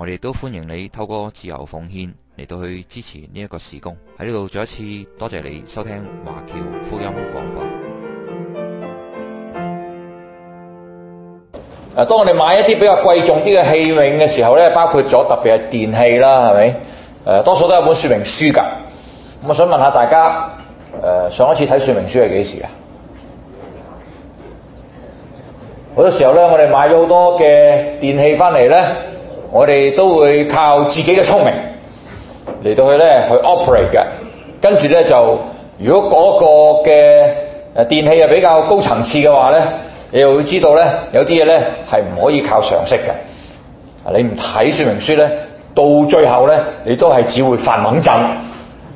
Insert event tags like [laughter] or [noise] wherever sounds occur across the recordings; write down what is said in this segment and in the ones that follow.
我哋都歡迎你透過自由奉獻嚟到去支持呢一個事工。喺呢度再一次多謝你收聽華僑福音廣播。嗱，當我哋買一啲比較貴重啲嘅器皿嘅時候咧，包括咗特別係電器啦，係咪？誒，多數都有本說明書噶。咁啊，想問下大家，上一次睇說明書係幾時啊？好多時候呢，我哋買咗好多嘅電器翻嚟呢。我哋都會靠自己嘅聰明嚟到去咧去 operate 嘅，跟住呢，就如果嗰個嘅電器係比較高層次嘅話呢，你又會知道呢，有啲嘢呢係唔可以靠常識嘅。你唔睇說明書呢，到最後呢，你都係只會發矇憎，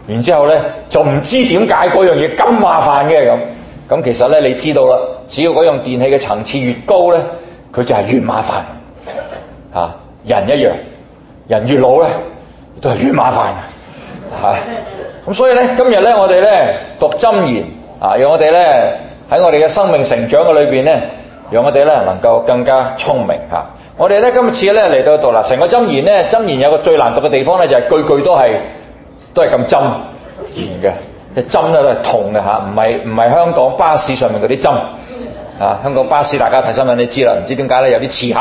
然之後咧就唔知點解嗰樣嘢咁麻煩嘅咁。咁其實呢，你知道啦，只要嗰樣電器嘅層次越高呢，佢就係越麻煩。人一樣，人越老咧，都係越麻煩嘅，係 [laughs] 咁所以咧，今日咧，我哋咧讀箴言啊，讓我哋咧喺我哋嘅生命成長嘅裏邊咧，讓我哋咧能夠更加聰明嚇。我哋咧今次咧嚟到度嗱，成個箴言咧，箴言有個最難讀嘅地方咧，就係、是、句句都係都係咁箴言嘅，針咧都係痛嘅嚇，唔係唔係香港巴士上面嗰啲針啊，香港巴士大家睇新聞你知啦，唔知點解咧有啲刺客。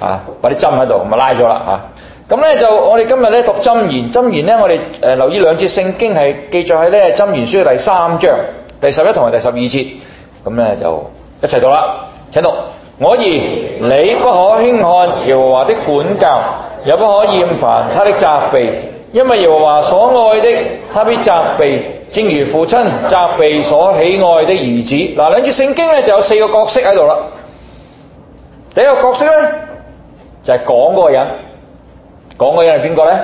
啊！把啲針喺度，咪拉咗啦嚇。咁咧就我哋今日咧讀箴言，箴言咧我哋誒留意兩節聖經係記載喺呢個箴言書第三章第十一同埋第十二節。咁咧就一齊讀啦。請讀我兒，你不可輕看耶和華的管教，也不可厭煩他的責備，因為耶和華所愛的，他必責備，正如父親責備所喜愛的兒子。嗱，兩節聖經咧就有四個角色喺度啦。第一個角色咧。就係講嗰個人，講嗰個人係邊個咧？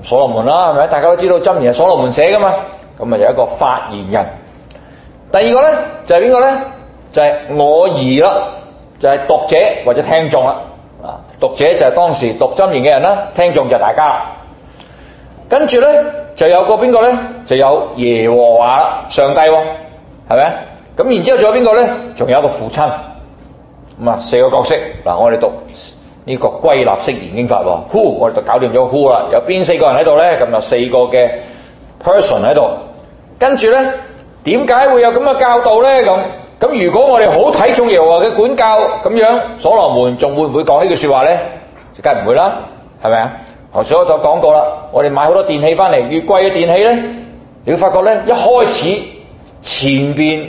所羅門啦，係咪？大家都知道《箴言》係所羅門寫噶嘛？咁咪有一個發言人。第二個咧就係邊個咧？就係我兒啦，就係讀者或者聽眾啦。啊，讀者就係當時讀《箴言》嘅人啦，聽眾就係大家。跟住咧就有個邊個咧？就有耶和華啦，上帝喎，係咪？咁然之後仲有邊個咧？仲有一個父親。咁啊，四個角色嗱，我哋讀。呢個歸納式研經法喎，who 我哋就搞掂咗 who 啦，有邊四個人喺度咧？咁有四個嘅 person 喺度，跟住咧點解會有咁嘅教導咧？咁咁如果我哋好睇重耶和華嘅管教咁樣，所羅門仲會唔會講呢句説話咧？梗係唔會啦，係咪啊？頭先我就講過啦，我哋買好多電器翻嚟，越貴嘅電器咧，你會發覺咧一開始前邊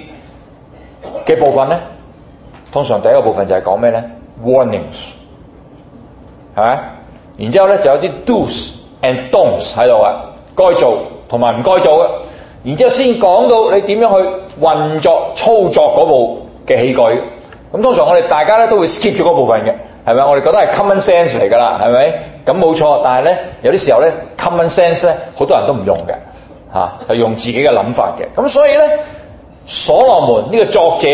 嘅部分咧，通常第一個部分就係講咩咧？warnings。係，然之後咧就有啲 do's and don'ts 喺度啊，該做同埋唔該做嘅。然之後先講到你點樣去運作操作嗰部嘅器具。咁通常我哋大家咧都會 skip 咗嗰部分嘅，係咪啊？我哋覺得係 common sense 嚟噶啦，係咪？咁冇錯，但係咧有啲時候咧 common sense 咧好多人都唔用嘅，係用自己嘅諗法嘅。咁所以咧所羅門呢個作者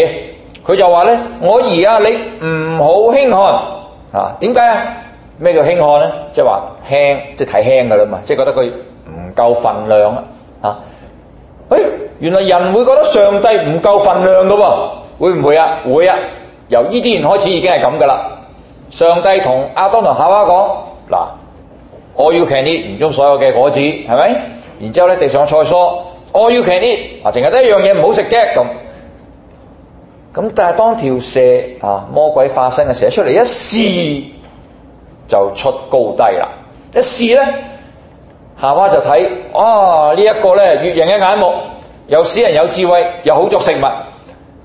佢就話咧：我而家你唔好輕看啊，點解啊？咩叫輕看咧？即係話輕，即係太輕噶啦嘛！即係覺得佢唔夠份量啊！吓，誒，原來人會覺得上帝唔夠份量噶喎？會唔會啊？會啊！由呢啲人開始已經係咁噶啦。上帝同亞當同夏娃講：嗱、啊，All you can eat 園中所有嘅果子，係咪？然之後咧地上菜蔬，All you can eat 啊！淨係得一樣嘢唔好食啫咁。咁但係當條蛇啊魔鬼化身嘅蛇出嚟一試。就出高低啦！一試呢，夏娃就睇啊，呢、這、一個呢，悅人嘅眼目，又使人有智慧，又好作食物。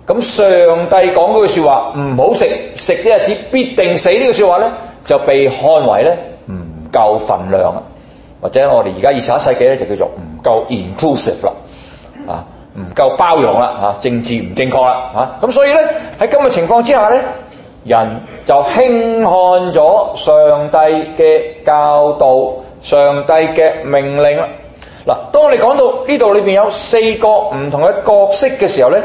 咁上帝講嗰句說話：唔好食，食啲日子必定死。呢句說話呢，就被看為呢唔夠份量啊，或者我哋而家二十一世紀呢，就叫做唔夠 inclusive 啦，啊，唔夠包容啦，政治唔正確啦，咁所以呢，喺今日情況之下呢。人。就輕看咗上帝嘅教導，上帝嘅命令啦。嗱，當我哋講到呢度，裏邊有四個唔同嘅角色嘅時候咧，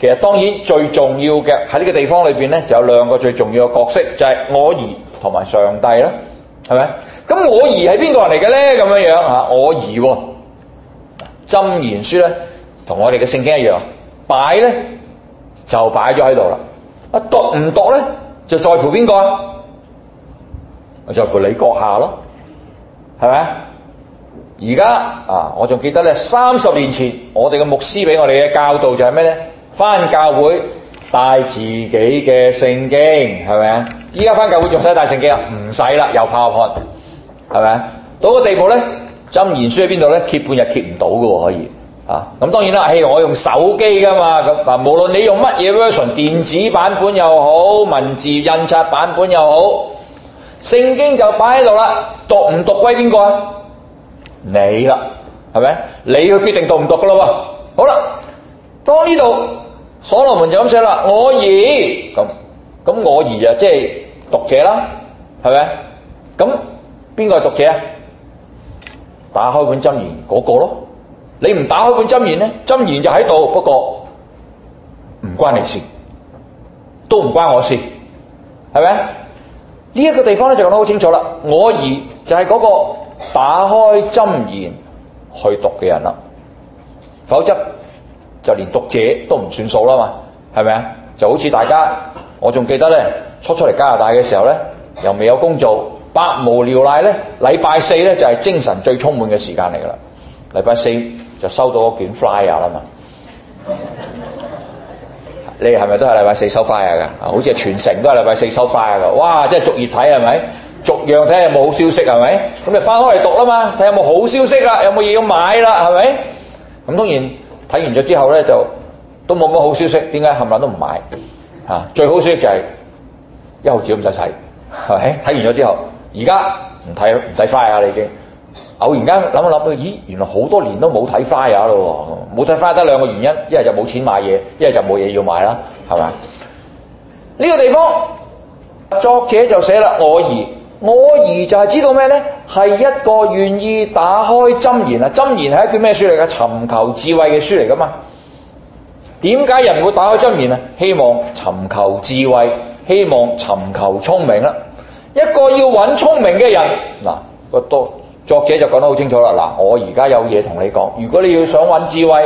其實當然最重要嘅喺呢個地方裏邊咧，就有兩個最重要嘅角色，就係我兒同埋上帝啦，係咪？咁我兒係邊個人嚟嘅咧？咁樣樣嚇，我兒箴言書咧，同我哋嘅聖經一樣擺咧，就擺咗喺度啦。啊，讀唔讀咧？就在乎邊個啊？我就在乎你閣下咯，係咪啊？而家啊，我仲記得呢三十年前我哋嘅牧師俾我哋嘅教導就係咩呢？返教會帶自己嘅聖經，係咪啊？依家返教會仲使帶聖經啊？唔使啦，又炮殼，係咪啊？到個地步呢，箴言書喺邊度呢？揭半日揭唔到嘅喎，可以。啊，咁當然啦，譬如我用手機噶嘛，咁嗱，無論你用乜嘢 version，電子版本又好，文字印刷版本又好，聖經就擺喺度啦，讀唔讀歸邊個啊？你啦，係咪？你去決定讀唔讀噶咯喎。好啦，當呢度所羅門就咁寫啦，我兒，咁咁我兒啊，即係讀者啦，係咪？咁邊個係讀者啊？打開本箴言嗰個咯。你唔打開本箴言咧，箴言就喺度，不過唔關你事，都唔關我事，係咪？呢一個地方咧就講得好清楚啦。我而就係嗰個打開箴言去讀嘅人啦。否則，就連讀者都唔算數啦嘛，係咪啊？就好似大家，我仲記得咧，初初嚟加拿大嘅時候咧，又未有工作，百無聊賴咧，禮拜四咧就係精神最充滿嘅時間嚟噶啦，禮拜四。就收到嗰卷 flyer 啦嘛，你係係咪都係禮拜四收 flyer 嘅？好似係全城都係禮拜四收 flyer 嘅哇，即係逐頁睇係咪？逐樣睇下有冇好消息係咪？咁就翻開嚟讀啦嘛，睇下有冇好消息啦，有冇嘢要買啦係咪？咁當然睇完咗之後咧，就都冇乜好消息。點解冚 𠰻 都唔買，啊？最好消息就係一毫子都唔使使，係咪？睇完咗之後，而家唔睇唔睇 flyer 啊你已經。偶然間諗一諗，咦，原來好多年都冇睇花友啦。冇睇花得兩個原因，一係就冇錢買嘢，一係就冇嘢要買啦，係咪？呢個地方作者就寫啦，我兒，我兒就係知道咩呢？係一個願意打開箴言啊！箴言係一句咩書嚟㗎？尋求智慧嘅書嚟噶嘛？點解人會打開箴言啊？希望尋求智慧，希望尋求聰明啦。一個要揾聰明嘅人嗱個多。作者就講得好清楚啦。嗱，我而家有嘢同你講。如果你要想搵智慧，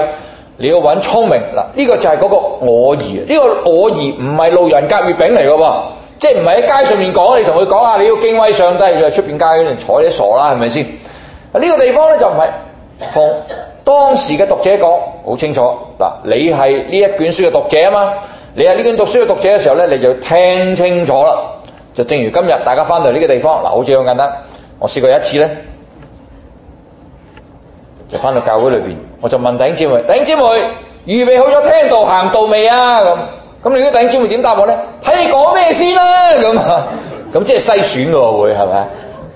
你要搵聰明嗱，呢、這個就係嗰個我兒呢、這個我兒唔係路人甲、月餅嚟嘅喎，即係唔係喺街上面講你同佢講下，你要敬畏上帝。出、就是、面街嗰啲人睬你傻啦，係咪先？呢、這個地方咧就唔係同當時嘅讀者講好清楚嗱。你係呢一卷書嘅讀者啊嘛，你係呢卷讀書嘅讀者嘅時候咧，你就要聽清楚啦。就正如今日大家翻到嚟呢個地方嗱，好似好簡單。我試過一次咧。就翻到教會裏面，我就問頂姐妹：頂姐妹，預備好咗聽道行道未啊？咁咁，你估頂姐妹點答我咧？睇你講咩先啦？咁啊，咁即係篩選個會係咪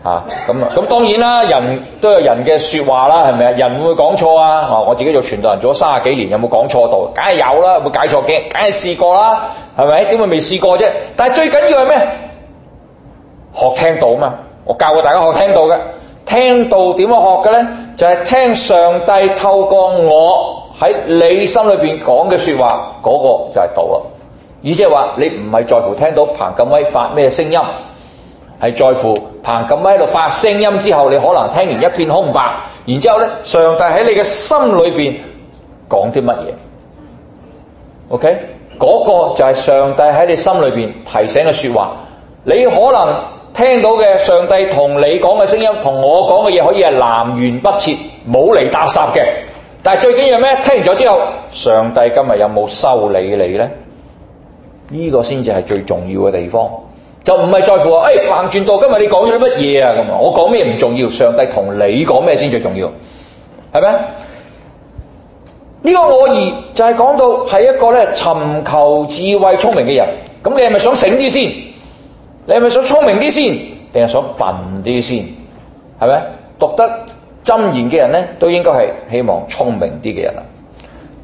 啊？咁啊！咁當然啦，人都有人嘅說話啦，係咪啊？人會唔會講錯啊？我自己做傳道人做咗三十幾年，有冇講錯道？梗係有啦，有冇解錯嘅？梗係試過啦，係咪？點會未試過啫？但係最緊要係咩？學聽道嘛，我教過大家學聽道嘅，聽道點樣學嘅咧？就係聽上帝透過我喺你心裏面講嘅說話，嗰個就係道啦。而且話你唔係在乎聽到彭錦威發咩聲音，係在乎彭錦威喺度發聲音之後，你可能聽完一片空白，然之後咧，上帝喺你嘅心裏邊講啲乜嘢？OK，嗰個就係上帝喺你心裏面提醒嘅說話。你可能。聽到嘅上帝同你講嘅聲音，同我講嘅嘢可以係南轅北轍，冇嚟搭霎嘅。但係最緊要咩？聽完咗之後，上帝今日有冇修理你呢？呢個先至係最重要嘅地方，就唔係在乎誒彭傳道今日你講咗啲乜嘢啊？咁啊，我講咩唔重要，上帝同你講咩先最重要，係咩？呢個我兒就係講到係一個咧尋求智慧、聰明嘅人。咁你係咪想醒啲先？你係咪想聰明啲先，定係想笨啲先？係咪？讀得箴言嘅人咧，都應該係希望聰明啲嘅人啦。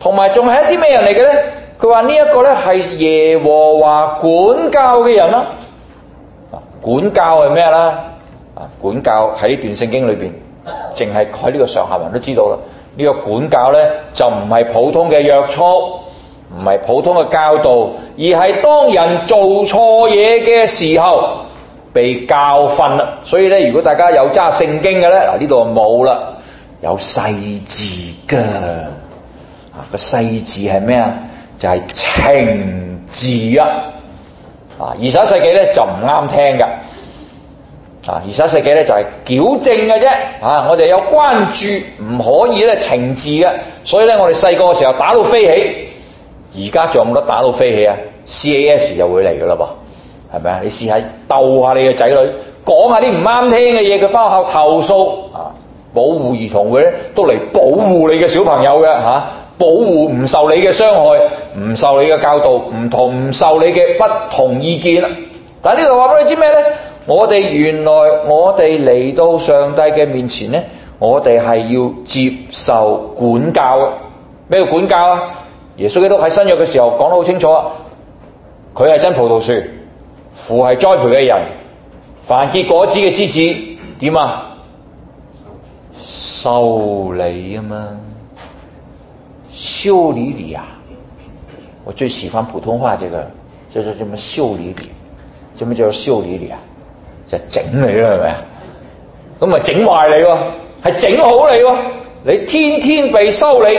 同埋仲係一啲咩人嚟嘅咧？佢話呢一個咧係耶和華管教嘅人啦。啊，管教係咩啦？啊，管教喺段聖經裏邊，淨係喺呢個上下文都知道啦。呢個管教咧就唔係普通嘅約束。唔係普通嘅教導，而係當人做錯嘢嘅時候被教訓啦。所以咧，如果大家有揸聖經嘅咧，嗱呢度冇啦，有細字噶啊，個細字係咩啊？就係情字啊！啊二十一世紀咧就唔啱聽嘅啊！二十一世紀咧就係矯正嘅啫啊！我哋有關注唔可以咧情字嘅，所以咧我哋細個嘅時候打到飛起。而家仲有冇得打到飛起啊？C A S 又會嚟噶啦噃，係咪啊？你試下鬥下你嘅仔女，講下啲唔啱聽嘅嘢，佢翻學校投訴啊！保護兒童會咧都嚟保護你嘅小朋友嘅嚇，保護唔受你嘅傷害，唔受你嘅教導，唔同唔受你嘅不同意見。但係呢度話俾你知咩咧？我哋原來我哋嚟到上帝嘅面前咧，我哋係要接受管教，咩叫管教啊？耶穌基督喺新約嘅時候講得好清楚，佢係真葡萄樹，父係栽培嘅人，凡結果子嘅枝子點啊？修理啊嘛，修理你啊！我最喜歡普通話，這個就是叫做修理你？什麼叫做修理你啊？就係整你啦，係咪啊？咁咪整壞你喎，係整好你喎，你天天被修理。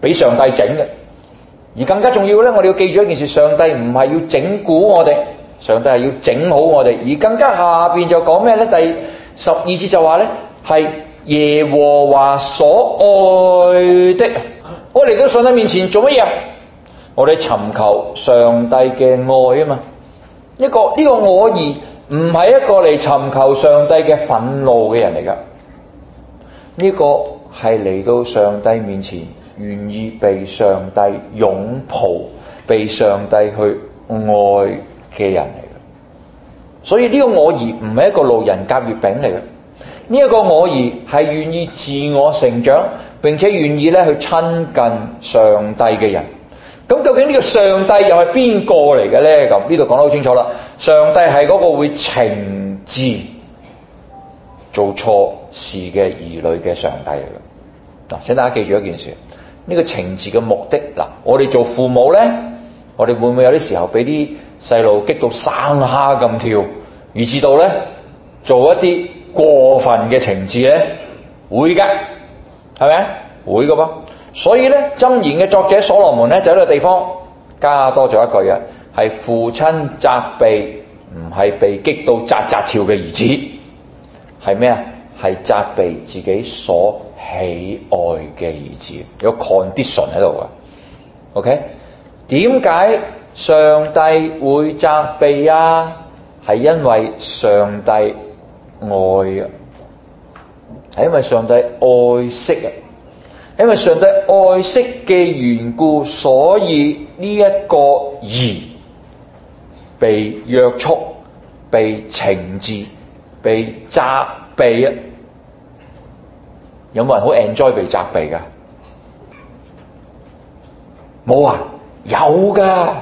俾上帝整嘅，而更加重要咧，我哋要記住一件事：上帝唔係要整蠱我哋，上帝係要整好我哋。而更加下邊就講咩咧？第十二節就話咧，係耶和華所愛的，我嚟到上帝面前做乜嘢？我哋尋求上帝嘅愛啊嘛！呢、這個呢、這個我兒唔係一個嚟尋求上帝嘅憤怒嘅人嚟噶，呢、這個係嚟到上帝面前。願意被上帝擁抱，被上帝去愛嘅人嚟嘅。所以呢個我兒唔係一個路人甲乙丙嚟嘅。呢、這、一個我兒係願意自我成長，並且願意咧去親近上帝嘅人。咁究竟呢個上帝又係邊個嚟嘅呢？咁呢度講得好清楚啦。上帝係嗰個會懲治做錯事嘅兒女嘅上帝嚟嘅。嗱，請大家記住一件事。呢個懲治嘅目的嗱，我哋做父母呢，我哋會唔會有啲時候俾啲細路激到生蝦咁跳，以致到呢，做一啲過分嘅懲治呢，會嘅，係咪啊？會嘅噃，所以呢，《箴言》嘅作者所羅門就喺呢個地方加多咗一句啊，係父親責備，唔係被激到紮紮跳嘅兒子，係咩啊？係責備自己所喜愛嘅兒子有 condition 喺度噶，OK？點解上帝會責備啊？係因為上帝愛啊，係因為上帝愛惜啊，是因為上帝愛惜嘅緣故，所以呢一個兒被約束、被懲治、被責備啊！有冇人好 enjoy 被責備㗎？冇啊，有噶！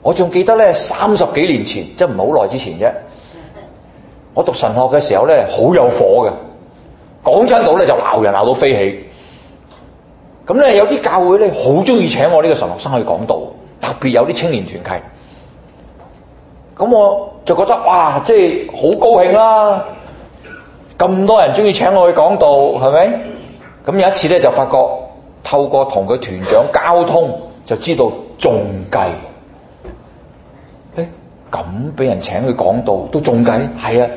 我仲記得咧，三十幾年前，即係唔係好耐之前啫。我讀神學嘅時候咧，好有火嘅，講真，到咧就鬧人鬧到飛起。咁咧有啲教會咧好中意請我呢個神學生去講道，特別有啲青年團契。咁我就覺得哇，即係好高興啦，啊！咁多人中意請我去講道，係咪？咁有一次咧，就發覺透過同佢團長交通，就知道中計。誒，咁俾人請去講道都中計？係啊，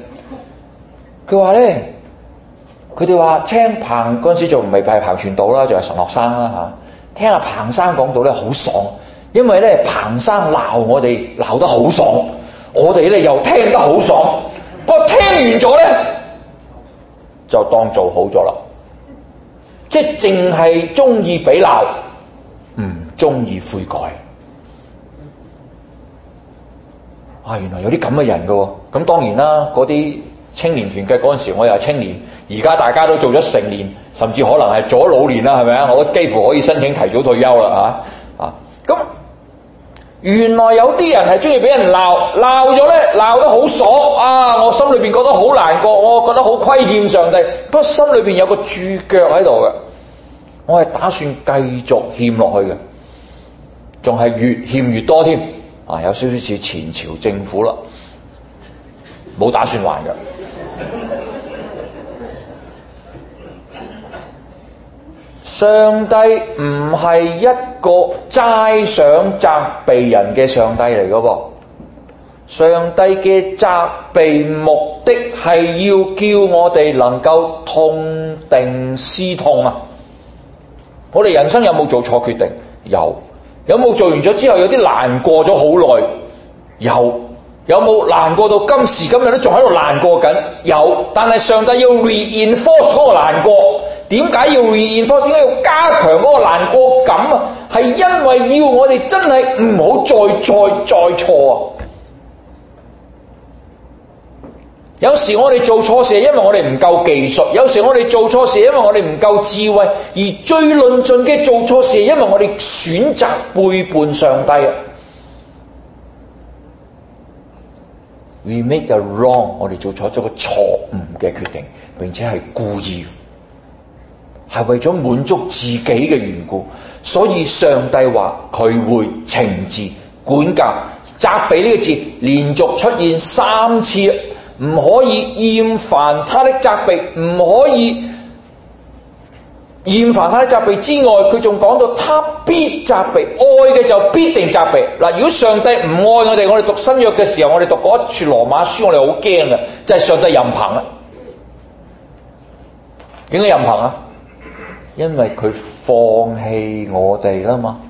佢話咧，佢哋話聽彭嗰陣時仲未係彭傳道啦，仲係神學生啦吓。聽阿彭生講道咧，好爽，因為咧彭生鬧我哋鬧得好爽，我哋咧又聽得好爽。不過聽完咗咧。就當做好咗啦，即係淨係中意俾鬧，唔中意悔改。啊，原來有啲咁嘅人㗎喎，咁當然啦。嗰啲青年團嘅嗰陣時，我又係青年，而家大家都做咗成年，甚至可能係咗老年啦，係咪啊？我幾乎可以申請提早退休啦，嚇！原來有啲人係中意俾人鬧，鬧咗呢，鬧得好爽啊！我心裏面覺得好難過，我覺得好虧欠上帝，不過心裏面有個註腳喺度嘅，我係打算繼續欠落去嘅，仲係越欠越多添啊！有少少似前朝政府啦，冇打算還嘅。上帝唔係一個齋想責備人嘅上帝嚟噃。上帝嘅責備目的係要叫我哋能夠痛定思痛啊！我哋人生有冇做錯決定？有，有冇做完咗之後有啲難過咗好耐？有，有冇難過到今時今日都仲喺度難過緊？有，但係上帝要 reinforce 個難過。點解要 reinforce？點解要加強嗰個難過感啊？係因為要我哋真係唔好再再再錯啊！有時我哋做錯事，係因為我哋唔夠技術；有時我哋做錯事，係因為我哋唔夠智慧；而最論盡嘅做錯事，係因為我哋選擇背叛上帝啊！We make a wrong，我哋做錯咗個錯誤嘅決定，並且係故意。係為咗滿足自己嘅緣故，所以上帝話佢會懲治、管教、責備呢個字，連續出現三次，唔可以厭煩他的責備，唔可以厭煩他的責備之外，佢仲講到他必責備，愛嘅就必定責備。如果上帝唔愛我哋，我哋讀新約嘅時候，我哋讀嗰一卷羅馬書，我哋好驚嘅，即係上帝任憑啦，點解任憑啊？因為佢放棄我哋啦嘛，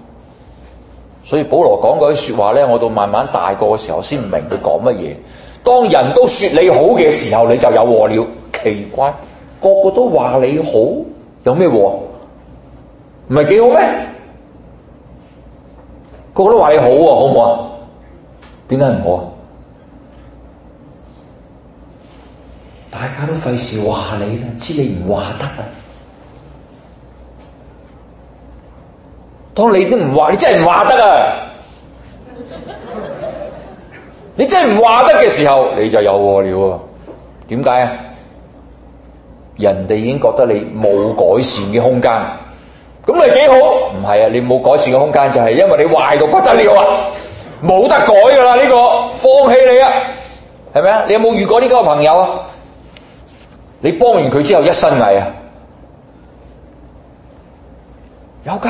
所以保羅講嗰啲說話咧，我到慢慢大個嘅時候先唔明佢講乜嘢。當人都說你好嘅時候，你就有禍了。奇怪，個個都話你好，有咩禍？唔係幾好咩？個個都話你好啊，好唔好啊？點解唔好啊？大家都費事話你啦，知你唔話得啊！當你都唔話，你真係唔話得啊！你真係唔話得嘅時候，你就有禍了？點解啊？人哋已經覺得你冇改善嘅空間，咁咪幾好？唔係啊，你冇改善嘅空間，就係因為你壞到不得了啊！冇得改噶啦，呢個放棄你啊，係咪啊？你有冇遇過呢個朋友啊？你幫完佢之後，一身蟻啊，有噶。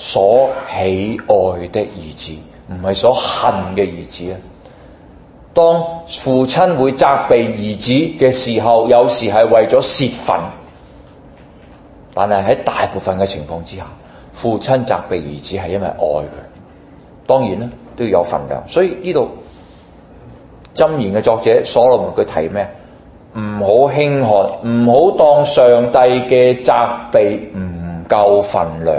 所喜愛的兒子，唔係所恨嘅兒子啊。當父親會責備兒子嘅時候，有時係為咗泄憤，但係喺大部分嘅情況之下，父親責備兒子係因為愛佢。當然啦，都要有份量。所以呢度箴言嘅作者所羅門佢提咩？唔好輕看，唔好當上帝嘅責備唔夠份量。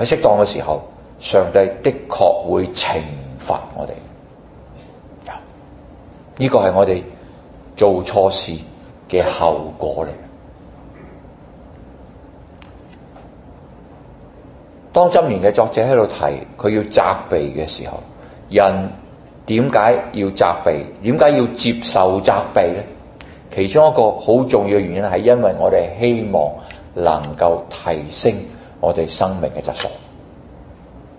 喺適當嘅時候，上帝的確會懲罰我哋。呢個係我哋做錯事嘅後果嚟。當《箴言》嘅作者喺度提佢要責備嘅時候，人點解要責備？點解要接受責備咧？其中一個好重要嘅原因係因為我哋希望能夠提升。我哋生命嘅質素，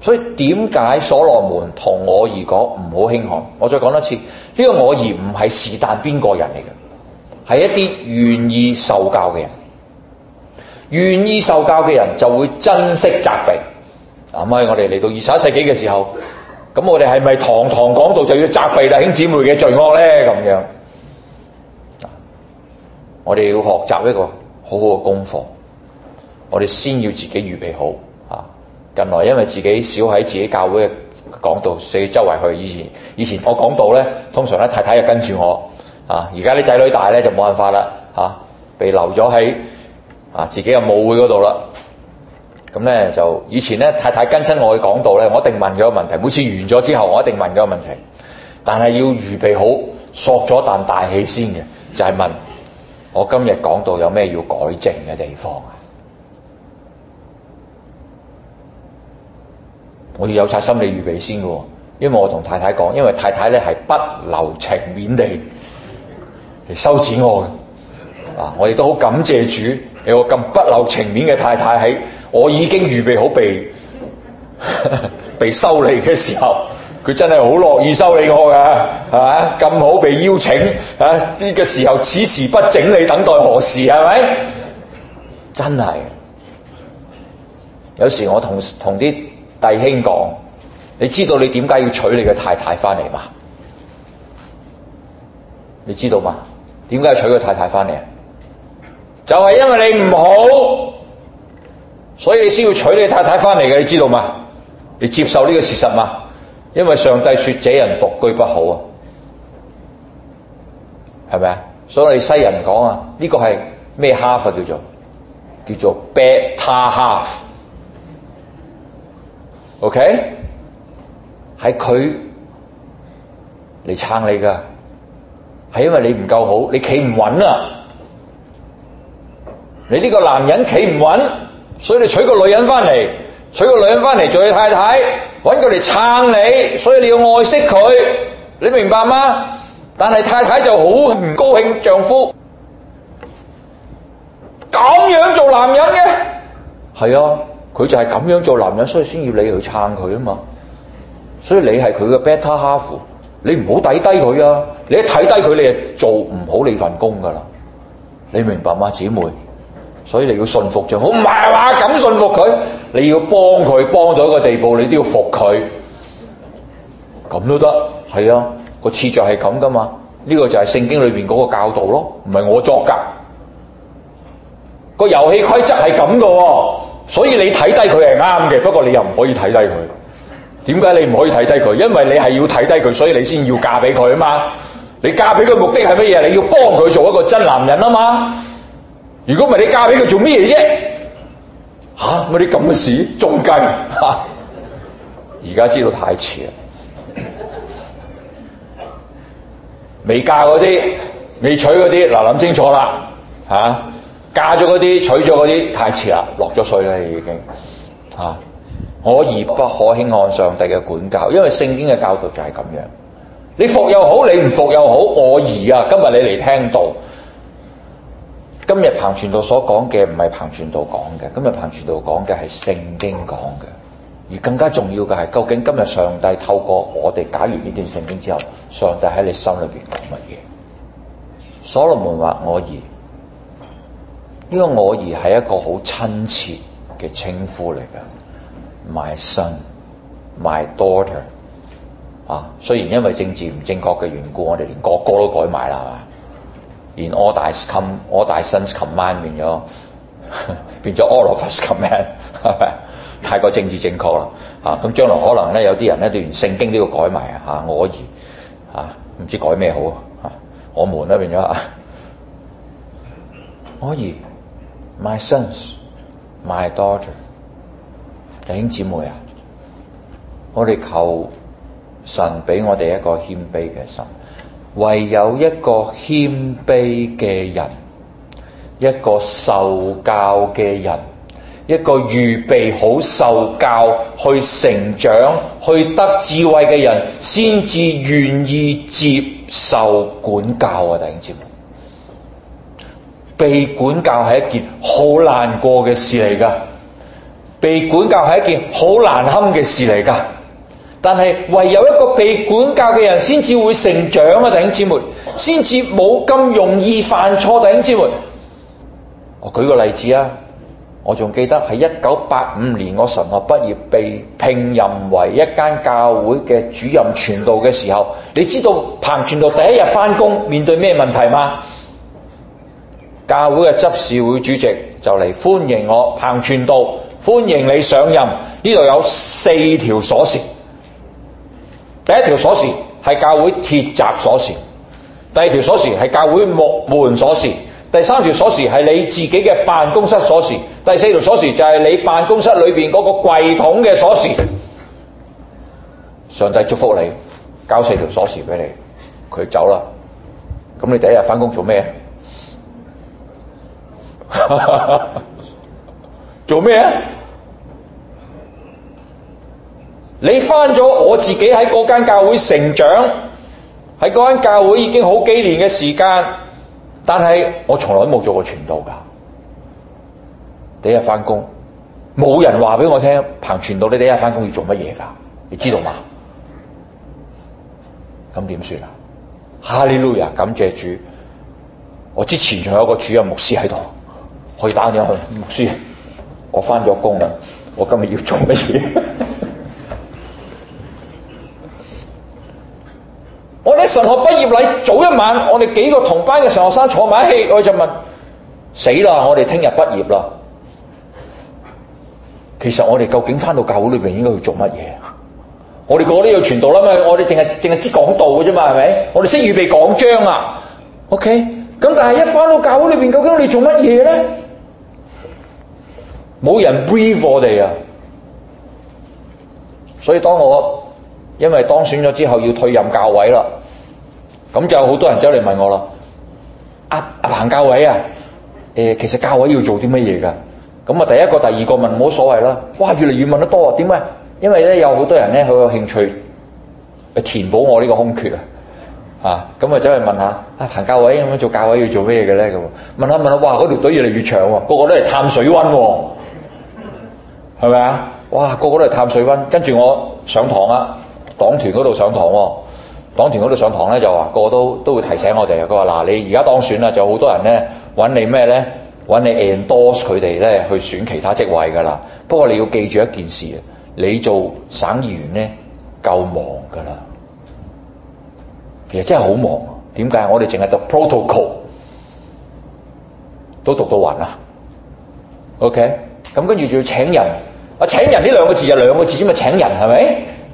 所以點解所羅門同我而講唔好輕看？我再講多次，呢、這個我而唔係是但邊個人嚟嘅，係一啲願意受教嘅人，願意受教嘅人就會珍惜責備。嗱，咁喺我哋嚟到二十一世紀嘅時候，咁我哋係咪堂堂講道就要責備弟兄姊妹嘅罪惡咧？咁樣，我哋要學習一個好好嘅功課。我哋先要自己預備好啊！近來因為自己少喺自己教會嘅講道，四周圍去。以前以前我講道呢，通常咧太太就跟住我啊。而家啲仔女大呢就冇辦法啦嚇，被留咗喺啊自己嘅母會嗰度啦。咁呢，就以前呢太太跟親我去講道呢，我一定問佢個問題。每次完咗之後，我一定問佢個問題，但係要預備好索咗啖大氣先嘅，就係、是、問我今日講道有咩要改正嘅地方啊？我要有晒心理預備先嘅，因為我同太太講，因為太太咧係不留情面地收錢我啊，我亦都好感謝主有個咁不留情面嘅太太，喺我已經預備好被呵呵被修理嘅時候，佢真係好樂意修理我嘅，係咪啊？咁好被邀請啊！呢個時候，此時不整理，等待何時？係咪？真係，有時我同同啲。弟兄講，你知道你點解要娶你嘅太太翻嚟嘛？你知道嘛？點解要娶個太太翻嚟啊？就係、是、因為你唔好，所以你先要娶你太太翻嚟嘅，你知道嘛？你接受呢個事實嘛？因為上帝説：這人獨居不好啊，係咪啊？所以我哋西人講、這個、啊，呢個係咩 half 叫做叫做 better half。O K，係佢嚟撐你㗎。係因為你唔夠好，你企唔穩啊！你呢個男人企唔穩，所以你娶個女人返嚟，娶個女人返嚟做你太太，搵佢嚟撐你，所以你要愛惜佢，你明白嗎？但係太太就好唔高興丈夫咁樣做男人嘅，係啊。佢就係咁樣做男人，所以先要你去撐佢啊嘛。所以你係佢嘅 better half，你唔好抵低佢啊！你一睇低佢，你就做唔好你份工噶啦。你明白嗎，姊妹？所以你要順服就好。唔係話咁順服佢，你要幫佢幫到一個地步，你都要服佢。咁都得，係啊，個次序係咁噶嘛？呢個就係聖經裏邊嗰個教導咯，唔係我作噶。個遊戲規則係咁噶。所以你睇低佢係啱嘅，不過你又唔可以睇低佢。點解你唔可以睇低佢？因為你係要睇低佢，所以你先要嫁俾佢啊嘛。你嫁俾佢目的係乜嘢？你要幫佢做一個真男人啊嘛。如果唔係，你嫁俾佢做咩啫？吓，我啲咁嘅事仲計吓，而家知道太遲啦。未嫁嗰啲，未娶嗰啲，嗱諗清楚啦，吓、啊。嫁咗嗰啲，娶咗嗰啲，太遲啦，落咗水啦，已經吓、啊。我兒不可輕看上帝嘅管教，因為聖經嘅教導就係咁樣。你服又好，你唔服又好，我兒啊！今日你嚟聽道，今日彭傳道所講嘅唔係彭傳道講嘅，今日彭傳道講嘅係聖經講嘅，而更加重要嘅係究竟今日上帝透過我哋解完呢段聖經之後，上帝喺你心裏邊講乜嘢？所羅門話：我兒。呢個我兒係一個好親切嘅稱呼嚟㗎，my son，my daughter，啊，雖然因為政治唔正確嘅緣故，我哋連哥哥都改埋啦，係嘛？而 all that come，all that sons command 變咗， [laughs] 變咗 all of us command，太 [laughs] 過政治正確啦，啊，咁將來可能咧有啲人咧對聖經都要改埋啊，我兒，啊，唔知改咩好啊，我們咧變咗啊，我兒。My sons, my daughter，弟兄姊妹啊，我哋求神俾我哋一個謙卑嘅心，唯有一個謙卑嘅人，一個受教嘅人，一個預備好受教去成長、去得智慧嘅人，先至願意接受管教啊！弟兄姊妹。被管教係一件好難過嘅事嚟噶，被管教係一件好難堪嘅事嚟噶。但係唯有一個被管教嘅人，先至會成長啊！弟兄姊妹，先至冇咁容易犯錯。弟兄姊妹，我舉個例子啊，我仲記得喺一九八五年我神學畢業，被聘任為一間教會嘅主任傳道嘅時候，你知道彭傳道第一日返工面對咩問題嗎？教會嘅執事會主席就嚟歡迎我彭傳道，歡迎你上任。呢度有四條鎖匙，第一條鎖匙係教會鐵閘鎖匙，第二條鎖匙係教會木門鎖匙，第三條鎖匙係你自己嘅辦公室鎖匙，第四條鎖匙就係你辦公室裏邊嗰個櫃桶嘅鎖匙。上帝祝福你，交四條鎖匙俾你，佢走啦。咁你第一日翻工做咩？ [laughs] 做咩啊？你翻咗我自己喺嗰間教會成長，喺嗰間教會已經好幾年嘅時間，但係我從來冇做過傳道噶。第一日翻工，冇人話俾我聽憑傳道。你第一日翻工要做乜嘢噶？你知道嘛？咁點算啊？哈利路亞，感謝主！我之前仲有個主任牧師喺度。可以打嘢去牧書。我翻咗工啦，我今日要做乜嘢？ [laughs] 我哋神學畢業禮早一晚，我哋幾個同班嘅神學生坐埋一 h 我就問：死啦！我哋聽日畢業啦。其實我哋究竟翻到教會裏面應該要做乜嘢？我哋嗰啲要傳道啦嘛，我哋淨係淨係知講道嘅啫嘛，係咪？我哋識預備講章啊。O K，咁但係一翻到教會裏面，究竟我哋做乜嘢咧？冇人 brief 我哋啊！所以當我因為當選咗之後要退任教委啦，咁就有好多人走嚟問我啦。阿阿彭教委啊，誒其實教委要做啲乜嘢㗎？咁啊，第一個、第二個問冇所謂啦。哇，越嚟越問得多啊！點解？因為咧有好多人咧好有興趣去填補我呢個空缺啊！啊，咁啊走去問下阿彭教委，咁做教委要做咩嘅咧？咁問下問下，哇！嗰條隊越嚟越長喎，個個都嚟探水溫喎。係咪啊？哇！個個都係探水溫，跟住我上堂啦，黨團嗰度上堂喎，黨團嗰度上堂呢，就話個個都都會提醒我哋，佢話嗱你而家當選啦，就好多人呢，揾你咩呢？揾你 endorse 佢哋呢，去選其他職位㗎啦。不過你要記住一件事，你做省議員呢，夠忙㗎啦，其實真係好忙啊。點解？我哋淨係讀 protocol 都讀到暈啦。OK，咁跟住仲要請人。我請人呢兩個，個字就兩個字啫嘛，請人係咪？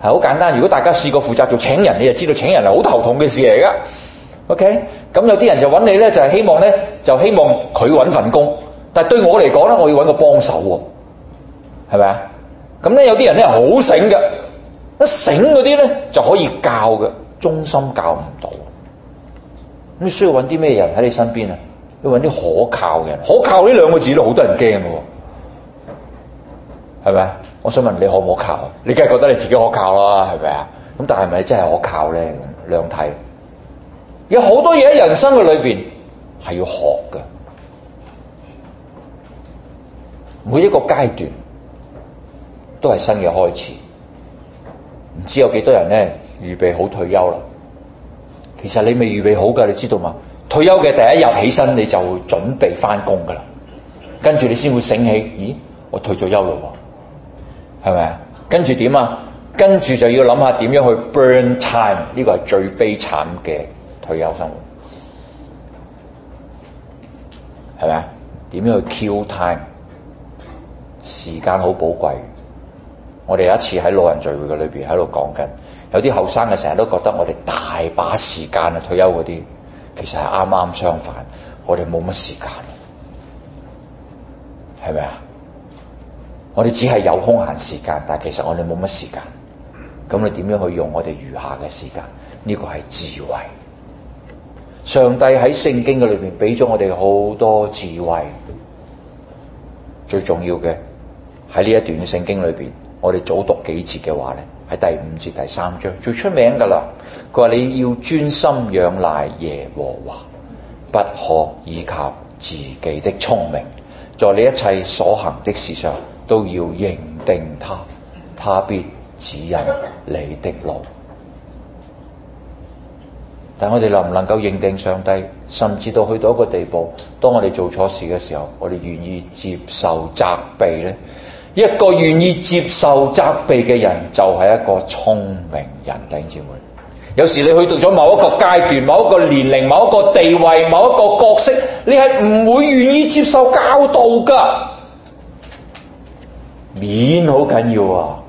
係好簡單。如果大家試過負責做請人，你就知道請人係好頭痛嘅事嚟噶。OK，咁有啲人就揾你咧，就係、是、希望咧，就希望佢揾份工。但對我嚟講咧，我要揾個幫手喎，係咪啊？咁咧有啲人咧好醒嘅，一醒嗰啲咧就可以教嘅，忠心教唔到。咁你需要揾啲咩人喺你身邊啊？要揾啲可靠嘅，可靠呢兩個字都好多人驚嘅。係咪啊？我想問你可唔可靠？你梗係覺得你自己可靠啦，係咪啊？咁但係咪真係可靠咧？兩睇有好多嘢，喺人生嘅裏邊係要學噶。每一個階段都係新嘅開始。唔知有幾多人咧預備好退休啦？其實你未預備好噶，你知道嘛？退休嘅第一日起身，你就會準備翻工噶啦，跟住你先會醒起，咦？我退咗休咯。係咪啊？跟住點啊？跟住就要諗下點樣去 burn time，呢個係最悲慘嘅退休生活，係咪啊？點樣去 kill time？時間好寶貴。我哋有一次喺老人聚會嘅裏邊喺度講緊，有啲後生嘅成日都覺得我哋大把時間啊，退休嗰啲。其實係啱啱相反，我哋冇乜時間，係咪啊？我哋只係有空閒時間，但係其實我哋冇乜時間。咁你點樣去用我哋餘下嘅時間？呢個係智慧。上帝喺聖經嘅裏邊俾咗我哋好多智慧。最重要嘅喺呢一段嘅聖經裏邊，我哋早讀幾節嘅話咧，喺第五節第三章最出名噶啦佢話你要專心仰賴耶和華，不可以靠自己的聰明，在你一切所行的事上。都要認定他，他必指引你的路。但我哋能唔能夠認定上帝，甚至到去到一個地步，當我哋做錯事嘅時候，我哋願意接受責備呢？一個願意接受責備嘅人，就係、是、一個聰明人。弟兄姊妹，有時你去到咗某一個階段、某一個年齡、某一個地位、某一個角色，你係唔會願意接受教導噶。面好緊要啊！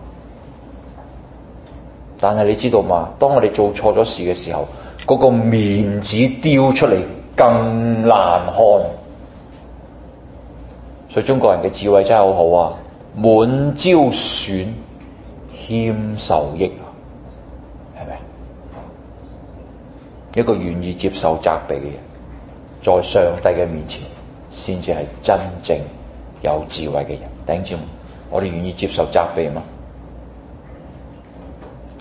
但係你知道嘛？當我哋做錯咗事嘅時候，嗰個面子丟出嚟更難看。所以中國人嘅智慧真係好好啊！滿招損，謙受益，係咪？一個願意接受責備嘅人，在上帝嘅面前，先至係真正有智慧嘅人。頂住！我哋願意接受責備嗎？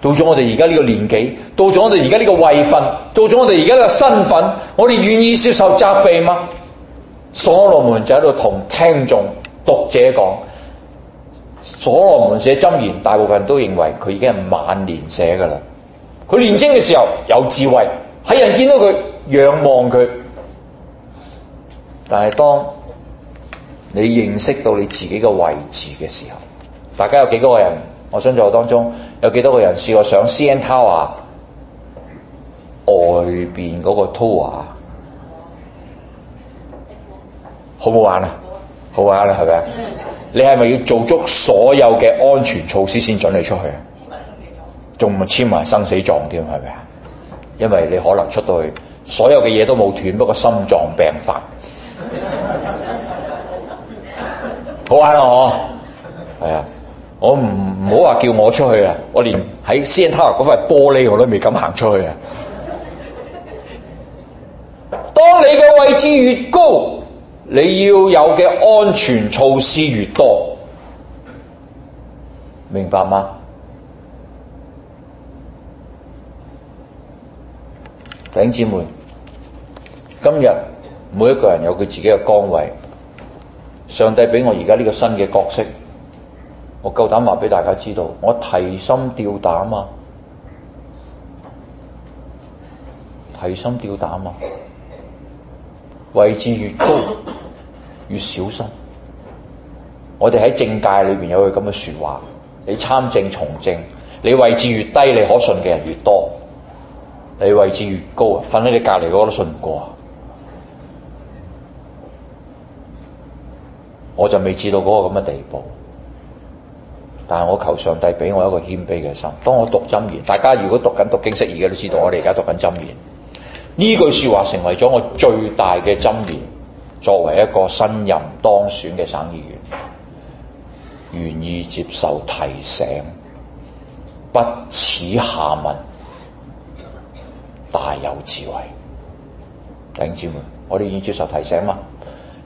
到咗我哋而家呢個年紀，到咗我哋而家呢個位份，到咗我哋而家呢個身份，我哋願意接受責備嗎？所羅門就喺度同聽眾讀者講，所羅門寫箴言，大部分都認為佢已經係晚年寫㗎喇。佢年輕嘅時候有智慧，喺人見到佢仰望佢，但係當，你認識到你自己嘅位置嘅時候，大家有幾多個人？我想在我當中有幾多個人試過上 CN Tower 外面嗰個 tour 啊？好唔好玩啊？好玩啦，係咪啊？ [laughs] 你係咪要做足所有嘅安全措施先準備出去啊？簽埋生死狀，仲簽埋生死狀添，係咪啊？因為你可能出到去，所有嘅嘢都冇斷，不過心臟病發。 [laughs] 好啊，我係啊，我唔唔好話叫我出去啊，我連喺 Central 嗰塊玻璃我都未敢行出去啊。當你嘅位置越高，你要有嘅安全措施越多，明白嗎？頂姐妹，今日每一個人有佢自己嘅崗位。上帝俾我而家呢個新嘅角色，我夠膽話俾大家知道，我提心吊膽啊！提心吊膽啊！位置越高越小心。我哋喺政界裏邊有句咁嘅說話：你參政從政，你位置越低，你可信嘅人越多；你位置越高啊，瞓喺你隔籬嗰個我都信唔過啊！我就未至到嗰個咁嘅地步，但係我求上帝俾我一個謙卑嘅心。當我讀箴言，大家如果讀緊讀經釋義嘅都知道，我哋而家讀緊箴言呢句說話，成為咗我最大嘅箴言。作為一個新任當選嘅省議員，願意接受提醒，不恥下問，大有智慧。弟兄姊妹，我哋願意接受提醒嘛？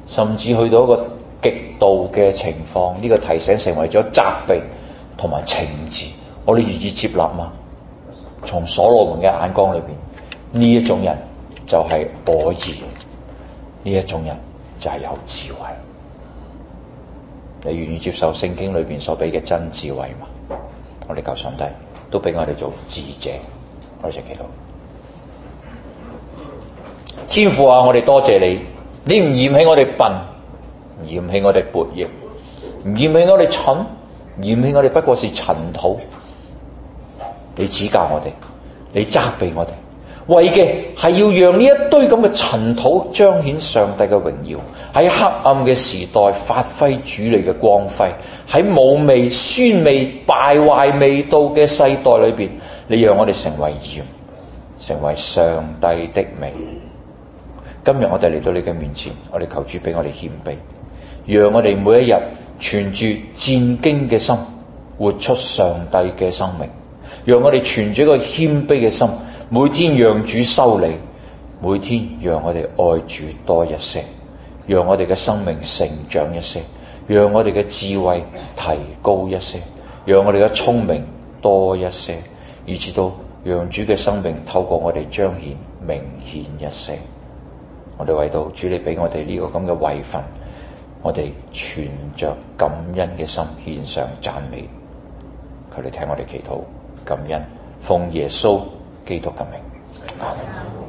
甚至去到一個。極度嘅情況，呢、這個提醒成為咗責備同埋懲治，我哋願意接納嘛？從所羅門嘅眼光裏邊，呢一種人就係傲然，呢一種人就係有智慧。你願意接受聖經裏邊所俾嘅真智慧嘛？我哋求上帝都俾我哋做智者。我哋就祈禱，天父啊，我哋多謝你，你唔嫌棄我哋笨。嫌棄我哋薄業，唔嫌棄我哋蠢，嫌棄我哋不過是塵土。你指教我哋，你責備我哋，為嘅係要讓呢一堆咁嘅塵土彰顯上帝嘅榮耀，喺黑暗嘅時代發揮主力嘅光輝，喺冇味、酸味、敗壞味道嘅世代裏邊，你讓我哋成為鹽，成為上帝的味。今日我哋嚟到你嘅面前，我哋求主俾我哋謙卑。讓我哋每一日存住戰兢嘅心，活出上帝嘅生命；讓我哋存住一個謙卑嘅心，每天讓主修理，每天讓我哋愛主多一些，讓我哋嘅生命成長一些，讓我哋嘅智慧提高一些，讓我哋嘅聰明多一些，以至到讓主嘅生命透過我哋彰顯明顯一些。我哋為到主你，這個，你俾我哋呢個咁嘅位份。我哋存着感恩嘅心，獻上讚美，求你聽我哋祈禱感恩，奉耶穌基督嘅名。Amen.